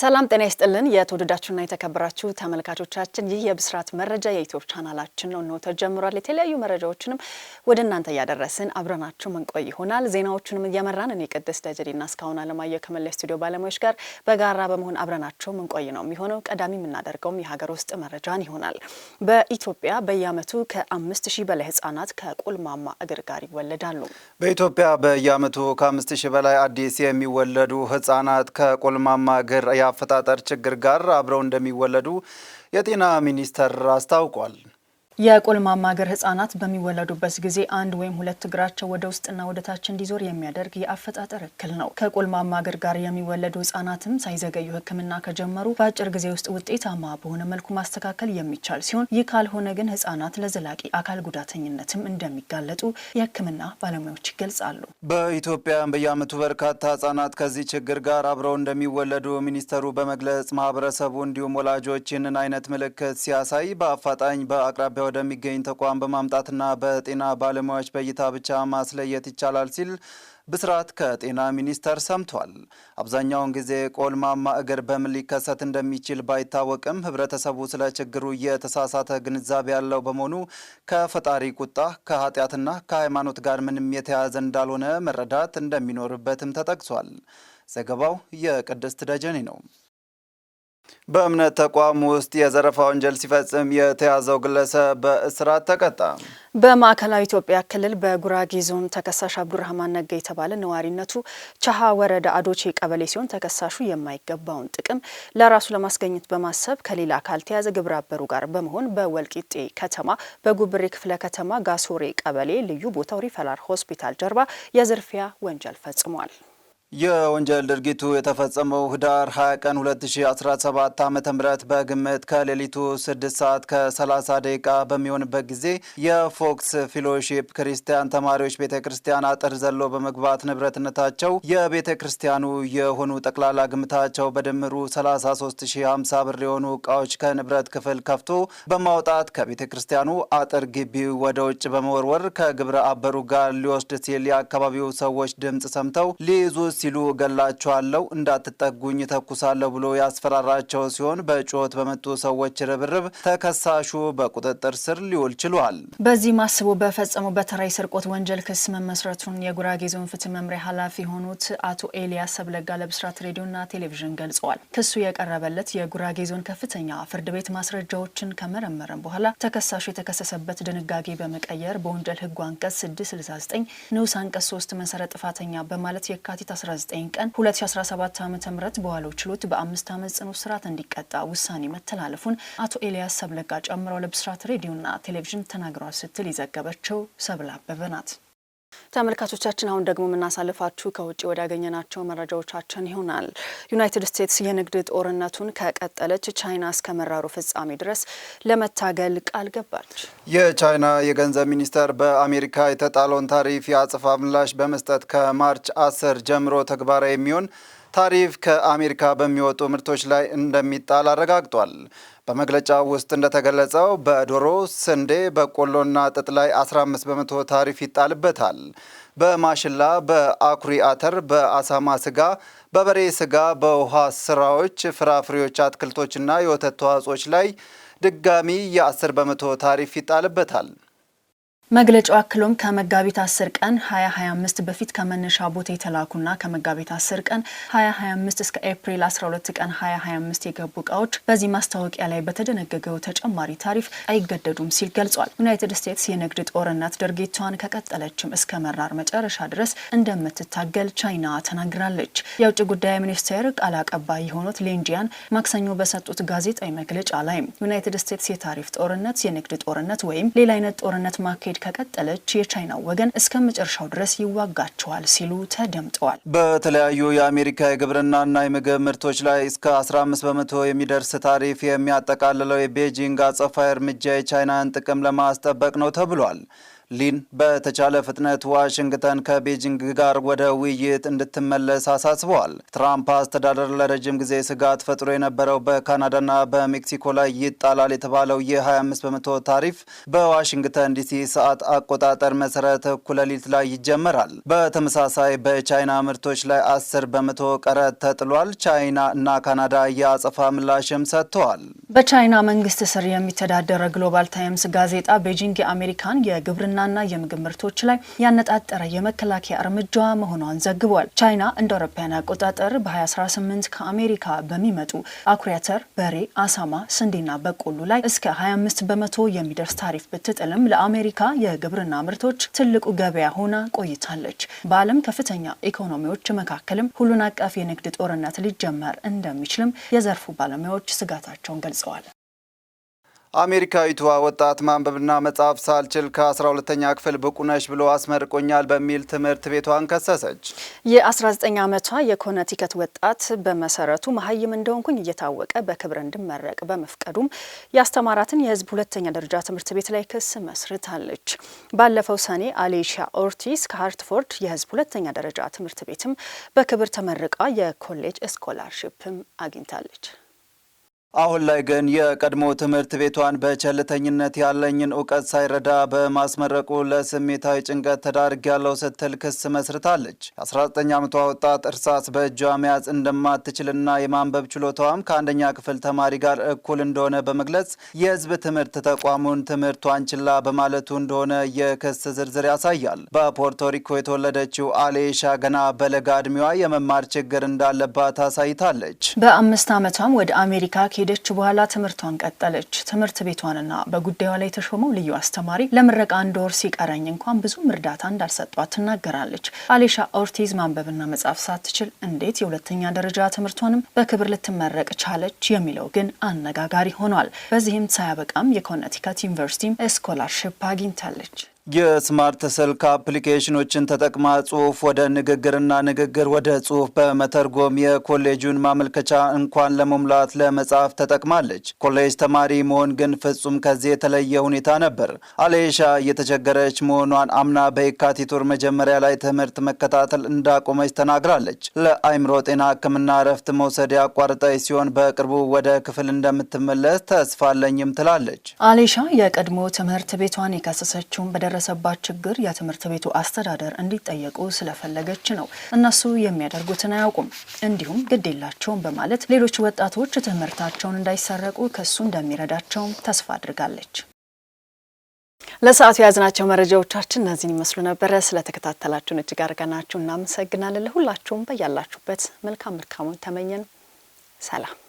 ሰላም ጤና ይስጥልን። የተወደዳችሁና የተከበራችሁ ተመልካቾቻችን ይህ የብስራት መረጃ የዩቲዩብ ቻናላችን ነው ነው ተጀምሯል። የተለያዩ መረጃዎችንም ወደ እናንተ እያደረስን አብረናችሁ መንቆይ ይሆናል። ዜናዎቹንም እየመራን እኔ ቅድስት ደጀዴና እስካሁን አለማየሁ ከመለስ ስቱዲዮ ባለሙያዎች ጋር በጋራ በመሆን አብረናችሁ መንቆይ ነው የሚሆነው። ቀዳሚ የምናደርገውም የሀገር ውስጥ መረጃን ይሆናል። በኢትዮጵያ በየዓመቱ ከአምስት ሺህ በላይ ህጻናት ከቁልማማ እግር ጋር ይወለዳሉ። በኢትዮጵያ በየዓመቱ ከአምስት ሺህ በላይ አዲስ የሚወለዱ ህጻናት ከቆልማማ እግር የአፈጣጠር ችግር ጋር አብረው እንደሚወለዱ የጤና ሚኒስቴር አስታውቋል። የቆልማማ እግር ህጻናት በሚወለዱበት ጊዜ አንድ ወይም ሁለት እግራቸው ወደ ውስጥና ወደ ታች እንዲዞር የሚያደርግ የአፈጣጠር እክል ነው። ከቆልማማ እግር ጋር የሚወለዱ ህጻናትም ሳይዘገዩ ሕክምና ከጀመሩ በአጭር ጊዜ ውስጥ ውጤታማ በሆነ መልኩ ማስተካከል የሚቻል ሲሆን ይህ ካልሆነ ግን ህጻናት ለዘላቂ አካል ጉዳተኝነትም እንደሚጋለጡ የሕክምና ባለሙያዎች ይገልጻሉ። በኢትዮጵያ በየዓመቱ በርካታ ህጻናት ከዚህ ችግር ጋር አብረው እንደሚወለዱ ሚኒስተሩ በመግለጽ ማህበረሰቡ እንዲሁም ወላጆች ይህንን አይነት ምልክት ሲያሳይ በአፋጣኝ በአቅራቢያ ወደሚገኝ ተቋም በማምጣትና በጤና ባለሙያዎች በእይታ ብቻ ማስለየት ይቻላል ሲል ብስራት ከጤና ሚኒስቴር ሰምቷል። አብዛኛውን ጊዜ ቆልማማ እግር በምን ሊከሰት እንደሚችል ባይታወቅም ህብረተሰቡ ስለ ችግሩ የተሳሳተ ግንዛቤ ያለው በመሆኑ ከፈጣሪ ቁጣ ከኃጢአትና ከሃይማኖት ጋር ምንም የተያያዘ እንዳልሆነ መረዳት እንደሚኖርበትም ተጠቅሷል። ዘገባው የቅድስት ደጀኔ ነው። በእምነት ተቋም ውስጥ የዘረፋ ወንጀል ሲፈጽም የተያዘው ግለሰብ በእስራት ተቀጣ። በማዕከላዊ ኢትዮጵያ ክልል በጉራጌ ዞን ተከሳሽ አብዱራህማን ነጋ የተባለ ነዋሪነቱ ቻሃ ወረዳ አዶቼ ቀበሌ ሲሆን ተከሳሹ የማይገባውን ጥቅም ለራሱ ለማስገኘት በማሰብ ከሌላ አካል ተያዘ ግብረ አበሩ ጋር በመሆን በወልቂጤ ከተማ በጉብሬ ክፍለ ከተማ ጋሶሬ ቀበሌ ልዩ ቦታው ሪፈራል ሆስፒታል ጀርባ የዝርፊያ ወንጀል ፈጽሟል። የወንጀል ድርጊቱ የተፈጸመው ህዳር 20 ቀን 2017 ዓ ም በግምት ከሌሊቱ 6 ሰዓት ከ30 ደቂቃ በሚሆንበት ጊዜ የፎክስ ፊሎሺፕ ክርስቲያን ተማሪዎች ቤተ ክርስቲያን አጥር ዘሎ በመግባት ንብረትነታቸው የቤተ ክርስቲያኑ የሆኑ ጠቅላላ ግምታቸው በድምሩ 33050 ብር የሆኑ እቃዎች ከንብረት ክፍል ከፍቶ በማውጣት ከቤተ ክርስቲያኑ አጥር ግቢ ወደ ውጭ በመወርወር ከግብረ አበሩ ጋር ሊወስድ ሲል የአካባቢው ሰዎች ድምፅ ሰምተው ሊይዙ ሲሉ እገላችኋለሁ፣ እንዳትጠጉኝ ተኩሳለሁ ብሎ ያስፈራራቸው ሲሆን በጩኸት በመጡ ሰዎች ርብርብ ተከሳሹ በቁጥጥር ስር ሊውል ችሏል። በዚህ ማስቡ በፈጸሙ በተራይ ስርቆት ወንጀል ክስ መመስረቱን የጉራጌ ዞን ፍትህ መምሪያ ኃላፊ የሆኑት አቶ ኤልያስ ሰብለጋ ለብስራት ሬዲዮና ቴሌቪዥን ገልጸዋል። ክሱ የቀረበለት የጉራጌ ዞን ከፍተኛ ፍርድ ቤት ማስረጃዎችን ከመረመረም በኋላ ተከሳሹ የተከሰሰበት ድንጋጌ በመቀየር በወንጀል ህጉ አንቀጽ 669 ንዑስ አንቀጽ 3 መሰረት ጥፋተኛ በማለት የካቲት 19 ቀን 2017 ዓ ም በዋለው ችሎት በአምስት ዓመት ጽኑ እስራት እንዲቀጣ ውሳኔ መተላለፉን አቶ ኤልያስ ሰብለጋ ጨምረው ለብስራት ሬዲዮና ቴሌቪዥን ተናግረዋል ስትል የዘገበችው ሰብለ አበበ ናት። ተመልካቾቻችን አሁን ደግሞ የምናሳልፋችሁ ከውጭ ያገኘናቸው መረጃዎቻችን ይሆናል። ዩናይትድ ስቴትስ የንግድ ጦርነቱን ከቀጠለች ቻይና እስከ መራሩ ፍጻሜ ድረስ ለመታገል ቃል ገባች። የቻይና የገንዘብ ሚኒስቴር በአሜሪካ የተጣለውን ታሪፍ የአጽፋ ምላሽ በመስጠት ከማርች አስር ጀምሮ ተግባራዊ የሚሆን ታሪፍ ከአሜሪካ በሚወጡ ምርቶች ላይ እንደሚጣል አረጋግጧል። በመግለጫው ውስጥ እንደተገለጸው በዶሮ፣ ስንዴ፣ በቆሎና ጥጥ ላይ 15 በመቶ ታሪፍ ይጣልበታል። በማሽላ፣ በአኩሪ አተር፣ በአሳማ ስጋ፣ በበሬ ስጋ፣ በውሃ ስራዎች፣ ፍራፍሬዎች፣ አትክልቶችና የወተት ተዋጽኦች ላይ ድጋሚ የ10 በመቶ ታሪፍ ይጣልበታል። መግለጫው አክሎም ከመጋቢት 10 ቀን 2025 በፊት ከመነሻ ቦታ የተላኩና ከመጋቢት 10 ቀን 2025 እስከ ኤፕሪል 12 ቀን 2025 የገቡ እቃዎች በዚህ ማስታወቂያ ላይ በተደነገገው ተጨማሪ ታሪፍ አይገደዱም ሲል ገልጿል። ዩናይትድ ስቴትስ የንግድ ጦርነት ድርጊቷን ከቀጠለችም እስከ መራር መጨረሻ ድረስ እንደምትታገል ቻይና ተናግራለች። የውጭ ጉዳይ ሚኒስቴር ቃል አቀባይ የሆኑት ሌንጂያን ማክሰኞ በሰጡት ጋዜጣዊ መግለጫ ላይ ዩናይትድ ስቴትስ የታሪፍ ጦርነት፣ የንግድ ጦርነት ወይም ሌላ አይነት ጦርነት ማካሄድ ከቀጠለች የቻይናው ወገን እስከ መጨረሻው ድረስ ይዋጋቸዋል ሲሉ ተደምጠዋል። በተለያዩ የአሜሪካ የግብርናና የምግብ ምርቶች ላይ እስከ 15 በመቶ የሚደርስ ታሪፍ የሚያጠቃልለው የቤጂንግ አጸፋዊ እርምጃ የቻይናን ጥቅም ለማስጠበቅ ነው ተብሏል። ሊን በተቻለ ፍጥነት ዋሽንግተን ከቤጂንግ ጋር ወደ ውይይት እንድትመለስ አሳስበዋል። ትራምፕ አስተዳደር ለረጅም ጊዜ ስጋት ፈጥሮ የነበረው በካናዳና በሜክሲኮ ላይ ይጣላል የተባለው የ25 በመቶ ታሪፍ በዋሽንግተን ዲሲ ሰዓት አቆጣጠር መሰረት እኩለ ሌሊት ላይ ይጀመራል። በተመሳሳይ በቻይና ምርቶች ላይ 10 በመቶ ቀረጥ ተጥሏል። ቻይና እና ካናዳ የአጸፋ ምላሽም ሰጥተዋል። በቻይና መንግስት ስር የሚተዳደረ ግሎባል ታይምስ ጋዜጣ ቤጂንግ የአሜሪካን የግብርና ና የምግብ ምርቶች ላይ ያነጣጠረ የመከላከያ እርምጃ መሆኗን ዘግቧል። ቻይና እንደ አውሮፓውያን አቆጣጠር በ2018 ከአሜሪካ በሚመጡ አኩሪ አተር፣ በሬ፣ አሳማ፣ ስንዴና በቆሎ ላይ እስከ 25 በመቶ የሚደርስ ታሪፍ ብትጥልም ለአሜሪካ የግብርና ምርቶች ትልቁ ገበያ ሆና ቆይታለች። በዓለም ከፍተኛ ኢኮኖሚዎች መካከልም ሁሉን አቀፍ የንግድ ጦርነት ሊጀመር እንደሚችልም የዘርፉ ባለሙያዎች ስጋታቸውን ገልጸዋል። አሜሪካዊቷ ወጣት ማንበብና መጻፍ ሳልችል ከ12ተኛ ክፍል ብቁነሽ ብሎ አስመርቆኛል በሚል ትምህርት ቤቷን ከሰሰች። የ19 ዓመቷ የኮነቲከት ወጣት በመሰረቱ መሀይም እንደሆንኩኝ እየታወቀ በክብር እንድመረቅ በመፍቀዱም ያስተማራትን የህዝብ ሁለተኛ ደረጃ ትምህርት ቤት ላይ ክስ መስርታለች። ባለፈው ሰኔ አሌሻ ኦርቲስ ከሃርትፎርድ የህዝብ ሁለተኛ ደረጃ ትምህርት ቤትም በክብር ተመርቃ የኮሌጅ ስኮላርሽፕም አግኝታለች። አሁን ላይ ግን የቀድሞ ትምህርት ቤቷን በቸልተኝነት ያለኝን እውቀት ሳይረዳ በማስመረቁ ለስሜታዊ ጭንቀት ያለው ስትል ክስ መስርታለች። የ19 ዓመቷ ወጣት እርሳስ በእጇ መያዝ እንደማትችልና የማንበብ ችሎታዋም ከአንደኛ ክፍል ተማሪ ጋር እኩል እንደሆነ በመግለጽ የሕዝብ ትምህርት ተቋሙን ትምህርቷን ችላ በማለቱ እንደሆነ የክስ ዝርዝር ያሳያል። በፖርቶሪኮ የተወለደችው አሌሻ ገና በለጋ ዕድሜዋ የመማር ችግር እንዳለባት አሳይታለች። በአምስት ዓመቷም ወደ አሜሪካ ከሄደች በኋላ ትምህርቷን ቀጠለች። ትምህርት ቤቷንና በጉዳዩ ላይ የተሾመው ልዩ አስተማሪ ለምረቃ አንድ ወር ሲቀረኝ እንኳን ብዙም እርዳታ እንዳልሰጧት ትናገራለች። አሌሻ ኦርቲዝ ማንበብና መጻፍ ሳትችል እንዴት የሁለተኛ ደረጃ ትምህርቷንም በክብር ልትመረቅ ቻለች የሚለው ግን አነጋጋሪ ሆኗል። በዚህም ሳያበቃም የኮነቲከት ዩኒቨርሲቲ ስኮላርሽፕ አግኝታለች። የስማርት ስልክ አፕሊኬሽኖችን ተጠቅማ ጽሁፍ ወደ ንግግርና ንግግር ወደ ጽሁፍ በመተርጎም የኮሌጁን ማመልከቻ እንኳን ለመሙላት ለመጻፍ ተጠቅማለች። ኮሌጅ ተማሪ መሆን ግን ፍጹም ከዚህ የተለየ ሁኔታ ነበር። አሌሻ እየተቸገረች መሆኗን አምና በየካቲት ወር መጀመሪያ ላይ ትምህርት መከታተል እንዳቆመች ተናግራለች። ለአይምሮ ጤና ሕክምና እረፍት መውሰድ ያቋርጠች ሲሆን በቅርቡ ወደ ክፍል እንደምትመለስ ተስፋ አለኝም ትላለች። አሌሻ የቀድሞ ትምህርት ቤቷን የከሰሰችውን በደ በደረሰባት ችግር የትምህርት ቤቱ አስተዳደር እንዲጠየቁ ስለፈለገች ነው። እነሱ የሚያደርጉትን አያውቁም፣ እንዲሁም ግድ የላቸውም በማለት ሌሎች ወጣቶች ትምህርታቸውን እንዳይሰረቁ ከሱ እንደሚረዳቸውም ተስፋ አድርጋለች። ለሰዓቱ የያዝናቸው መረጃዎቻችን እነዚህን ይመስሉ ነበረ። ስለተከታተላችሁን እጅግ አድርገናችሁ እናመሰግናለን። ለሁላችሁም በያላችሁበት መልካም መልካሙን ተመኘን። ሰላም